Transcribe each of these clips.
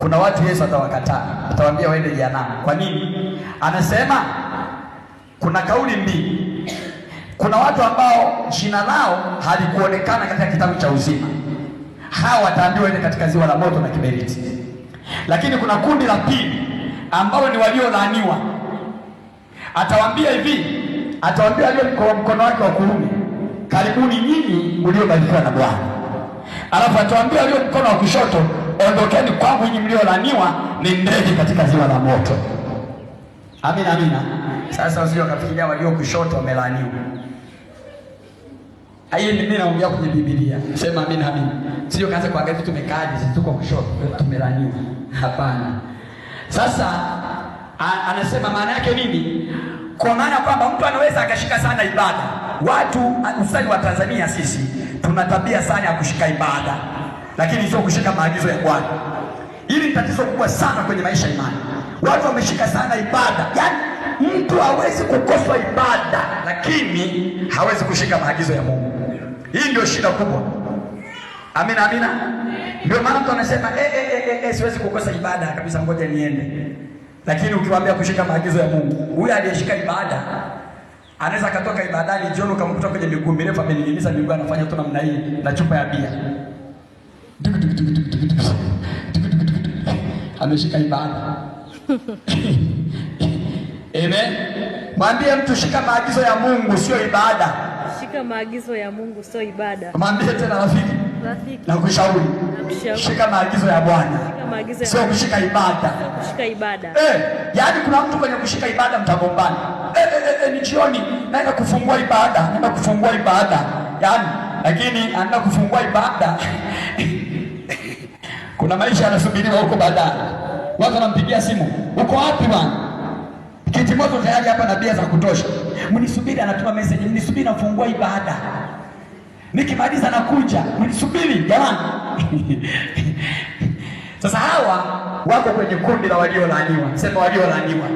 Kuna watu Yesu atawakataa, atawaambia waende jehanamu. Kwa nini? Anasema kuna kauli mbili. Kuna watu ambao jina lao halikuonekana katika kitabu cha uzima, hawa wataambiwa waende katika ziwa la moto na kiberiti. Lakini kuna kundi la pili ambao ni waliolaaniwa. Atawaambia hivi, atawaambia kwa mkono wake wa kuume, karibuni nyinyi mliobarikiwa na Bwana, alafu atawaambia aliyo mkono wa kushoto ondokeni kwangu nyinyi mliolaniwa, ni ndege katika ziwa la moto. Amina, amina. Sasa wasije wakafikiria walio kushoto wamelaniwa. Hiyo ni mimi naongea kwenye Biblia. Sema amina, amina. Sio kaanza kuangalia tumekaaje, sisi tuko kushoto, tumelaniwa. Hapana. Sasa anasema maana yake nini? Kwa maana kwamba mtu anaweza akashika sana ibada. Watu usali wa Tanzania sisi tuna tabia sana ya kushika ibada lakini sio kushika maagizo ya Bwana. Hili ni tatizo kubwa sana kwenye maisha imani. Watu wameshika sana ibada, yaani mtu hawezi kukoswa ibada, lakini hawezi kushika maagizo ya Mungu. Hii ndio shida kubwa. Amina, amina. Ndio maana mtu anasema eh, eh, eh, eh, siwezi kukosa ibada kabisa, ngoja niende. Lakini ukiwaambia kushika maagizo ya Mungu, huyu aliyeshika ibada anaweza akatoka ibadani jioni ukamkuta kwenye miguu mirefu amening'iniza miguu, anafanya tu namna hii na chupa ya bia ameshika ibada. Amen. Mwambie mtu shika maagizo ya Mungu sio ibada. Shika maagizo ya Mungu sio ibada. Mwambie tena rafiki. Rafiki. Na kushauri shika maagizo ya Bwana Shika maagizo ya. sio kushika ibada, kushika ibada. Eh, yaani kuna mtu kwenye kushika ibada mtagombana. Eh, eh, eh, eh, ni jioni naenda kufungua ibada, naenda kufungua ibada yaani, lakini anaenda kufungua ibada na maisha yanasubiriwa huko baadaye. Watu wanampigia simu, uko wapi bwana? Kiti moto tayari hapa na bia za kutosha. Mnisubiri, anatuma message, mnisubiri nafungua ibada. Nikimaliza nakuja, mnisubiri jamani. Sasa hawa wako kwenye kundi la waliolaaniwa, sema waliolaaniwa.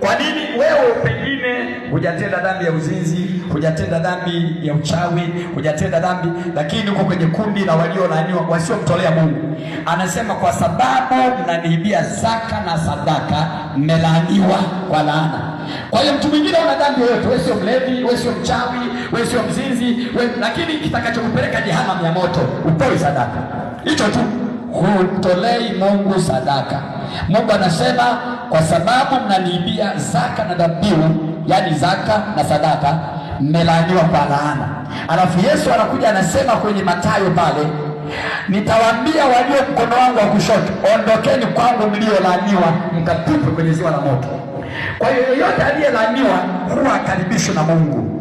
Kwa nini wewe pengine hujatenda dhambi ya uzinzi, hujatenda dhambi ya uchawi, hujatenda dhambi, lakini uko kwenye kundi la waliolaaniwa, wasiomtolea Mungu? Anasema kwa sababu mnaniibia zaka na sadaka, mmelaaniwa kwa laana. Kwa hiyo mtu mwingine ana dhambi yoyote, wewe sio mlevi, wewe sio mchawi, wewe sio mzinzi, wewe lakini kitakachokupeleka jehanamu ya moto, utoi sadaka, hicho tu humtolei Mungu sadaka. Mungu anasema kwa sababu mnaniibia zaka na dhabihu, yaani zaka na sadaka, mmelaaniwa kwa laana. Alafu Yesu anakuja anasema kwenye Mathayo pale, nitawaambia walio mkono wangu wa kushoto, ondokeni kwangu mliolaaniwa, mkatupwe kwenye ziwa la moto. Kwa hiyo yeyote aliyelaaniwa huwa akaribishwa na Mungu,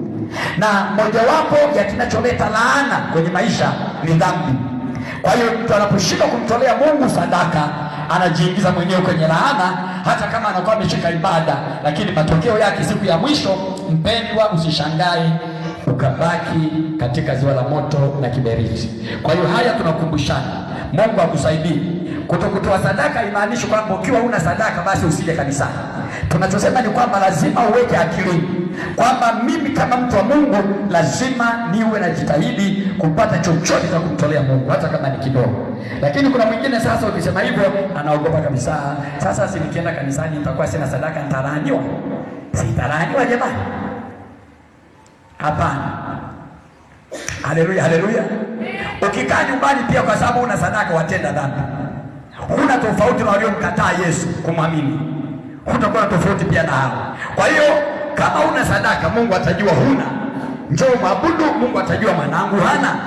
na mojawapo ya kinacholeta laana kwenye maisha ni dhambi. Kwa hiyo mtu anaposhindwa kumtolea Mungu sadaka anajiingiza mwenyewe kwenye laana, hata kama anakuwa ameshika ibada, lakini matokeo yake siku ya mwisho, mpendwa, usishangae tukabaki katika ziwa la moto na kiberiti. Kwa hiyo haya tunakumbushana, Mungu akusaidie. Kutokutoa sadaka imaanishi kwamba ukiwa una sadaka basi usije kanisani. Tunachosema ni kwamba lazima uweke akilini kwamba mimi kama mtu wa Mungu lazima niwe najitahidi kupata chochote cha kumtolea Mungu hata kama ni kidogo. Lakini kuna mwingine sasa, ukisema hivyo anaogopa kabisa. Sasa si nikienda kanisani nitakuwa sina sadaka, nitalaaniwa? Sitalaaniwa jamani? Hapana. Haleluya, haleluya. Ukikaa nyumbani pia kwa sababu una sadaka watenda dhambi. Huna tofauti na waliomkataa Yesu kumwamini, hutakuwa na tofauti pia na hao. Kwa hiyo kama una sadaka, Mungu atajua huna. Njoo mwabudu, Mungu atajua mwanangu hana.